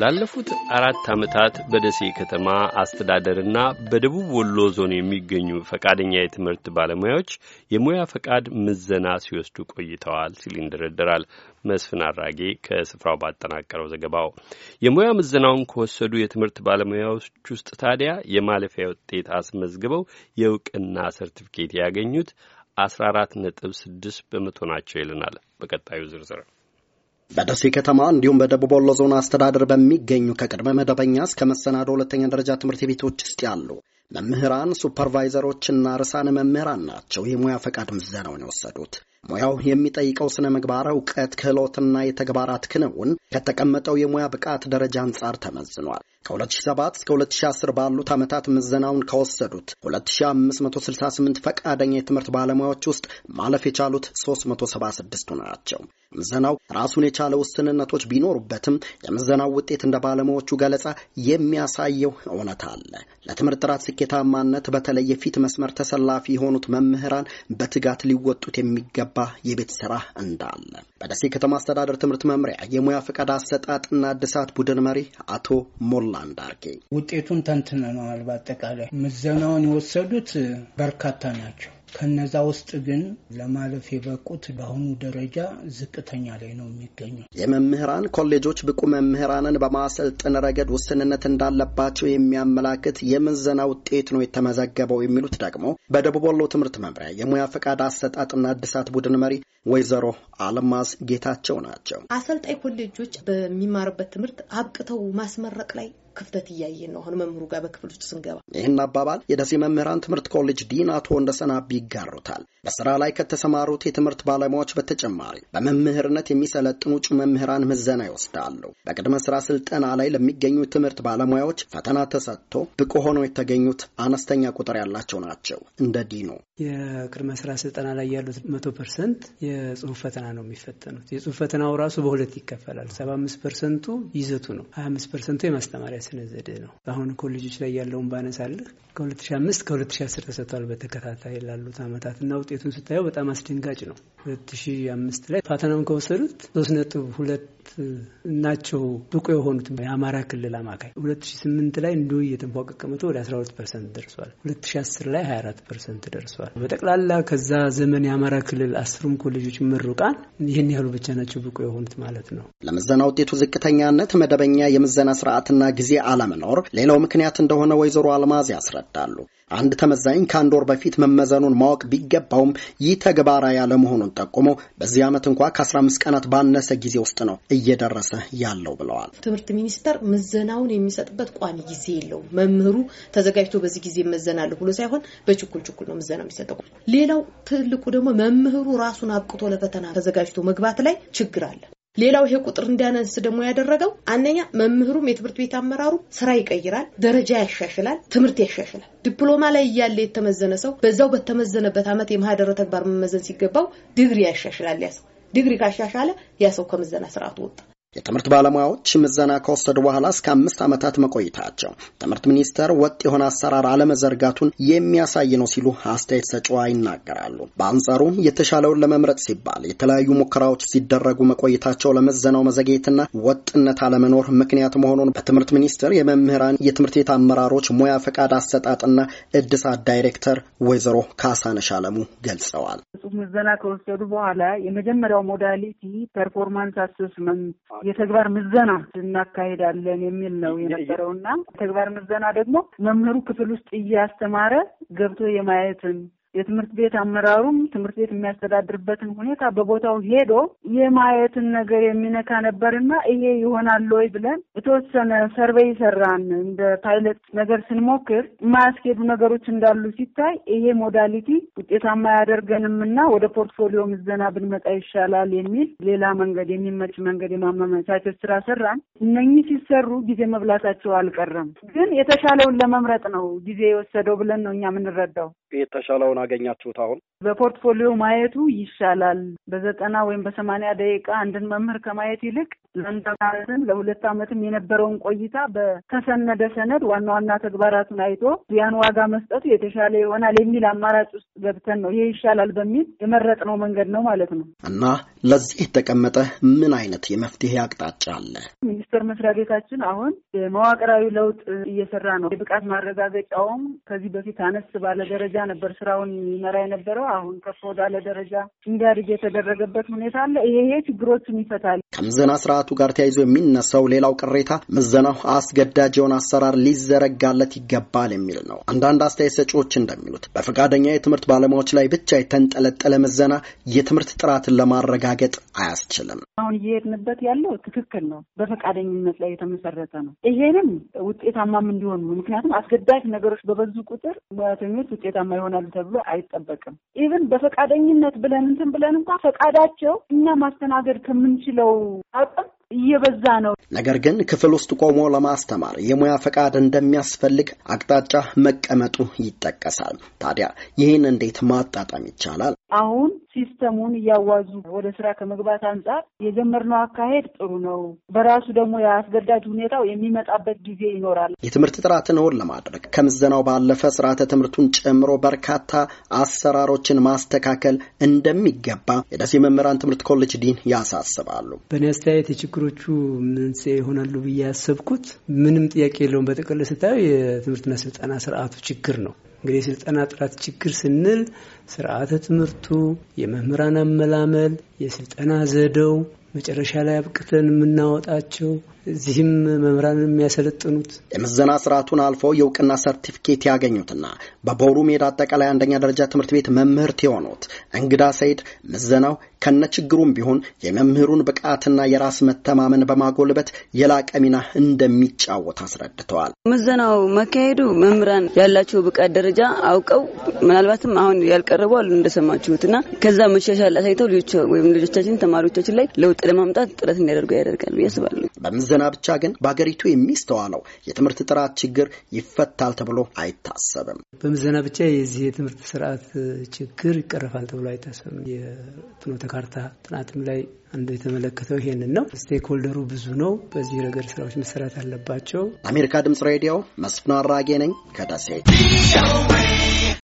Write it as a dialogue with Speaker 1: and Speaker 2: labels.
Speaker 1: ላለፉት አራት ዓመታት በደሴ ከተማ አስተዳደርና በደቡብ ወሎ ዞን የሚገኙ ፈቃደኛ የትምህርት ባለሙያዎች የሙያ ፈቃድ ምዘና ሲወስዱ ቆይተዋል ሲል ይንደረደራል መስፍን አራጌ ከስፍራው ባጠናቀረው ዘገባው። የሙያ ምዘናውን ከወሰዱ የትምህርት ባለሙያዎች ውስጥ ታዲያ የማለፊያ ውጤት አስመዝግበው የእውቅና ሰርቲፊኬት ያገኙት ስድስት በመቶ ናቸው ይለናል በቀጣዩ ዝርዝር
Speaker 2: በደሴ ከተማ እንዲሁም በደቡብ ወሎ ዞን አስተዳደር በሚገኙ ከቅድመ መደበኛ እስከ መሰናዶ ሁለተኛ ደረጃ ትምህርት ቤቶች ውስጥ ያሉ መምህራን፣ ሱፐርቫይዘሮችና ርዕሳነ መምህራን ናቸው የሙያ ፈቃድ ምዘናውን የወሰዱት። ሙያው የሚጠይቀው ስነ ምግባር፣ እውቀት፣ ክህሎትና የተግባራት ክንውን ከተቀመጠው የሙያ ብቃት ደረጃ አንጻር ተመዝኗል። ከ2007 እስከ 2010 ባሉት ዓመታት ምዘናውን ከወሰዱት 2568 ፈቃደኛ የትምህርት ባለሙያዎች ውስጥ ማለፍ የቻሉት 376ቱ ናቸው። ምዘናው ራሱን የቻለ ውስንነቶች ቢኖሩበትም የምዘናው ውጤት እንደ ባለሙያዎቹ ገለጻ የሚያሳየው እውነት አለ። ለትምህርት ጥራት ስኬታማነት በተለይ የፊት መስመር ተሰላፊ የሆኑት መምህራን በትጋት ሊወጡት የሚገባ የቤት ስራ እንዳለ በደሴ ከተማ አስተዳደር ትምህርት መምሪያ የሙያ ፈቃድ አሰጣጥና እድሳት ቡድን መሪ አቶ ሞላ እንዳርጌ
Speaker 1: ውጤቱን ተንትነነዋል። በአጠቃላይ ምዘናውን የወሰዱት በርካታ ናቸው። ከነዛ ውስጥ ግን ለማለፍ የበቁት በአሁኑ ደረጃ ዝቅተኛ ላይ ነው የሚገኘው።
Speaker 2: የመምህራን ኮሌጆች ብቁ መምህራንን በማሰልጠን ረገድ ውስንነት እንዳለባቸው የሚያመላክት የምዘና ውጤት ነው የተመዘገበው የሚሉት ደግሞ በደቡብ ወሎ ትምህርት መምሪያ የሙያ ፈቃድ አሰጣጥና እድሳት ቡድን መሪ ወይዘሮ አልማዝ ጌታቸው ናቸው። አሰልጣኝ ኮሌጆች በሚማሩበት ትምህርት አብቅተው ማስመረቅ ላይ ክፍተት እያየን ነው አሁን መምህሩ ጋር በክፍል ውስጥ ስንገባ። ይህን አባባል የደሴ መምህራን ትምህርት ኮሌጅ ዲን አቶ እንደሰናብ ይጋሩታል። በስራ ላይ ከተሰማሩት የትምህርት ባለሙያዎች በተጨማሪ በመምህርነት የሚሰለጥኑ እጩ መምህራን ምዘና ይወስዳሉ። በቅድመ ስራ ስልጠና ላይ ለሚገኙ ትምህርት ባለሙያዎች ፈተና ተሰጥቶ ብቁ ሆነው የተገኙት አነስተኛ ቁጥር ያላቸው ናቸው። እንደ ዲኑ
Speaker 1: የቅድመ ስራ ስልጠና ላይ ያሉት መቶ ፐርሰንት የጽሁፍ ፈተና ነው የሚፈተኑት። የጽሁፍ ፈተናው ራሱ በሁለት ይከፈላል። ሰባ አምስት ፐርሰንቱ ይዘቱ ነው፣ ሀያ አምስት ፐርሰንቱ የማስተማሪያ ስነ ዘዴ ነው። አሁን ኮሌጆች ላይ ያለውን ባነሳልህ ከ2005 ከ2010 ተሰጥቷል በተከታታይ ላሉት አመታት እና ውጤቱን ስታየው በጣም አስደንጋጭ ነው። 2005 ላይ ፈተናውን ከወሰዱት 3.2 ናቸው ብቁ የሆኑት የአማራ ክልል አማካይ። 2008 ላይ እንዲሁ እየተንፏቀቀ መቶ ወደ 12 ፐርሰንት ደርሷል። 2010 ላይ 24 ፐርሰንት ደርሷል። በጠቅላላ ከዛ ዘመን የአማራ ክልል አስሩም ኮሌጆች ምሩቃን ይህን ያህሉ ብቻ ናቸው ብቁ የሆኑት ማለት ነው።
Speaker 2: ለምዘና ውጤቱ ዝቅተኛነት መደበኛ የምዘና ስርዓትና ጊዜ ጊዜ አለመኖር ሌላው ምክንያት እንደሆነ ወይዘሮ አልማዝ ያስረዳሉ። አንድ ተመዛኝ ከአንድ ወር በፊት መመዘኑን ማወቅ ቢገባውም ይህ ተግባራዊ ያለመሆኑን ጠቁሞ በዚህ ዓመት እንኳ ከ15 ቀናት ባነሰ ጊዜ ውስጥ ነው እየደረሰ ያለው ብለዋል። ትምህርት ሚኒስቴር ምዘናውን የሚሰጥበት ቋሚ ጊዜ የለውም። መምህሩ ተዘጋጅቶ በዚህ ጊዜ እመዘናለሁ ብሎ ሳይሆን በችኩል ችኩል ነው ምዘና የሚሰጠው። ሌላው ትልቁ ደግሞ መምህሩ ራሱን አብቅቶ ለፈተና ተዘጋጅቶ መግባት ላይ ችግር አለ። ሌላው ይሄ ቁጥር እንዲያነስ ደግሞ ያደረገው አንደኛ መምህሩም የትምህርት ቤት አመራሩ ስራ ይቀይራል፣ ደረጃ ያሻሽላል፣ ትምህርት ያሻሽላል። ዲፕሎማ ላይ እያለ የተመዘነ ሰው በዛው በተመዘነበት ዓመት የማህደረ ተግባር መመዘን ሲገባው ዲግሪ ያሻሽላል። ያ ሰው ዲግሪ ካሻሻለ ያ ሰው ከምዘና ስርዓቱ ወጣ። የትምህርት ባለሙያዎች ምዘና ከወሰዱ በኋላ እስከ አምስት ዓመታት መቆይታቸው ትምህርት ሚኒስቴር ወጥ የሆነ አሰራር አለመዘርጋቱን የሚያሳይ ነው ሲሉ አስተያየት ሰጭዋ ይናገራሉ። በአንጻሩ የተሻለውን ለመምረጥ ሲባል የተለያዩ ሙከራዎች ሲደረጉ መቆይታቸው ለምዘናው መዘግየትና ወጥነት አለመኖር ምክንያት መሆኑን በትምህርት ሚኒስቴር የመምህራን የትምህርት ቤት አመራሮች ሙያ ፈቃድ አሰጣጥና እድሳት ዳይሬክተር ወይዘሮ ካሳነሽ አለሙ ገልጸዋል።
Speaker 3: ምዘና ከወሰዱ በኋላ የመጀመሪያው ሞዳሊቲ ፐርፎርማንስ አሴስመንት የተግባር ምዘና እናካሄዳለን የሚል ነው የነበረው እና ምዘና ደግሞ መምህሩ ክፍል ውስጥ እያስተማረ ገብቶ የማየትን የትምህርት ቤት አመራሩም ትምህርት ቤት የሚያስተዳድርበትን ሁኔታ በቦታው ሄዶ የማየትን ነገር የሚነካ ነበርና ይሄ ይሆናል ወይ ብለን የተወሰነ ሰርቬይ ሰራን። እንደ ፓይለት ነገር ስንሞክር የማያስኬዱ ነገሮች እንዳሉ ሲታይ ይሄ ሞዳሊቲ ውጤታማ አያደርገንም እና ወደ ፖርትፎሊዮ ምዘና ብንመጣ ይሻላል የሚል ሌላ መንገድ የሚመች መንገድ የማመመቻቸት ስራ ሰራን። እነኚህ ሲሰሩ ጊዜ መብላታቸው አልቀረም፣ ግን የተሻለውን ለመምረጥ ነው ጊዜ የወሰደው ብለን ነው እኛ የምንረዳው።
Speaker 2: የተሻለውን አገኛችሁት? አሁን
Speaker 3: በፖርትፎሊዮ ማየቱ ይሻላል። በዘጠና ወይም በሰማንያ ደቂቃ አንድን መምህር ከማየት ይልቅ ለአንድ ዓመትም ለሁለት ዓመትም የነበረውን ቆይታ በተሰነደ ሰነድ ዋና ዋና ተግባራቱን አይቶ ያን ዋጋ መስጠቱ የተሻለ ይሆናል የሚል አማራጭ ውስጥ ገብተን ነው ይህ ይሻላል በሚል የመረጥነው መንገድ ነው ማለት ነው
Speaker 2: እና ለዚህ የተቀመጠ ምን አይነት የመፍትሄ አቅጣጫ አለ?
Speaker 3: ሚኒስቴር መስሪያ ቤታችን አሁን መዋቅራዊ ለውጥ እየሰራ ነው። የብቃት ማረጋገጫውም ከዚህ በፊት አነስ ባለ ደረጃ ነበር ስራውን ይመራ የነበረው። አሁን ከፍ ወዳለ ደረጃ እንዲያድግ የተደረገበት ሁኔታ አለ። ይሄ ችግሮችን ይፈታል።
Speaker 2: ከምዘና ስርዓቱ ጋር ተያይዞ የሚነሳው ሌላው ቅሬታ ምዘናው አስገዳጅ የሆነ አሰራር ሊዘረጋለት ይገባል የሚል ነው። አንዳንድ አስተያየት ሰጪዎች እንደሚሉት በፈቃደኛ የትምህርት ባለሙያዎች ላይ ብቻ የተንጠለጠለ ምዘና የትምህርት ጥራትን ለማረጋገጥ አያስችልም።
Speaker 3: አሁን እየሄድንበት ያለው ትክክል ነው፣ በፈቃደኝነት ላይ የተመሰረተ ነው። ይሄንም ውጤታማም እንዲሆኑ ምክንያቱም አስገዳጅ ነገሮች በበዙ ቁጥር ሙያተኞች ውጤታማ ውጤታማ ይሆናሉ ተብሎ አይጠበቅም። ኢቭን በፈቃደኝነት ብለን እንትን ብለን እንኳ ፈቃዳቸው እኛ ማስተናገድ ከምንችለው አቅም እየበዛ ነው።
Speaker 2: ነገር ግን ክፍል ውስጥ ቆሞ ለማስተማር የሙያ ፈቃድ እንደሚያስፈልግ አቅጣጫ መቀመጡ ይጠቀሳል። ታዲያ ይህን እንዴት ማጣጣም ይቻላል?
Speaker 3: አሁን ሲስተሙን እያዋዙ ወደ ስራ ከመግባት አንጻር የጀመርነው አካሄድ ጥሩ ነው። በራሱ ደግሞ የአስገዳጅ ሁኔታው የሚመጣበት ጊዜ ይኖራል። የትምህርት
Speaker 2: ጥራትን እውን ለማድረግ ከምዘናው ባለፈ ስርዓተ ትምህርቱን ጨምሮ በርካታ አሰራሮችን ማስተካከል እንደሚገባ የደሴ መምህራን ትምህርት ኮሌጅ ዲን ያሳስባሉ።
Speaker 1: በእኔ አስተያየት የችግሮቹ መንስኤ ይሆናሉ ብዬ ያሰብኩት ምንም ጥያቄ የለውም። በጥቅል ስታዩ የትምህርትና ስልጠና ስርዓቱ ችግር ነው። እንግዲህ የስልጠና ጥራት ችግር ስንል ስርዓተ ትምህርቱ፣ የመምህራን አመላመል፣ የስልጠና ዘዴው መጨረሻ ላይ አብቅተን የምናወጣቸው እዚህም
Speaker 2: መምህራን የሚያሰለጥኑት የምዘና ስርዓቱን አልፎ የእውቅና ሰርቲፊኬት ያገኙትና በቦሩ ሜዳ አጠቃላይ አንደኛ ደረጃ ትምህርት ቤት መምህርት የሆኑት እንግዳ ሰይድ ምዘናው ከነ ችግሩም ቢሆን የመምህሩን ብቃትና የራስ መተማመን በማጎልበት የላቀ ሚና እንደሚጫወት አስረድተዋል።
Speaker 1: ምዘናው መካሄዱ መምህራን ያላቸው ብቃት ደረጃ አውቀው ምናልባትም አሁን ያልቀረቡ አሉ እንደሰማችሁትና ከዛ መሻሻል አሳይተው ወይም
Speaker 2: ልጆቻችን ተማሪዎቻችን ላይ ለውጥ ለማምጣት ጥረት እንዲያደርጉ ያደርጋል ብዬ አስባለሁ። ዘና ብቻ ግን በሀገሪቱ የሚስተዋለው የትምህርት ጥራት ችግር ይፈታል ተብሎ አይታሰብም። በምዘና
Speaker 1: ብቻ የዚህ የትምህርት ስርዓት ችግር ይቀረፋል ተብሎ አይታሰብም። የፍኖተ ካርታ ጥናትም ላይ አንዱ የተመለከተው ይሄንን ነው። ስቴክሆልደሩ ብዙ ነው። በዚህ ረገድ ስራዎች መሰራት አለባቸው።
Speaker 2: ለአሜሪካ ድምጽ ሬዲዮ መስፍን አራጌ ነኝ ከደሴ።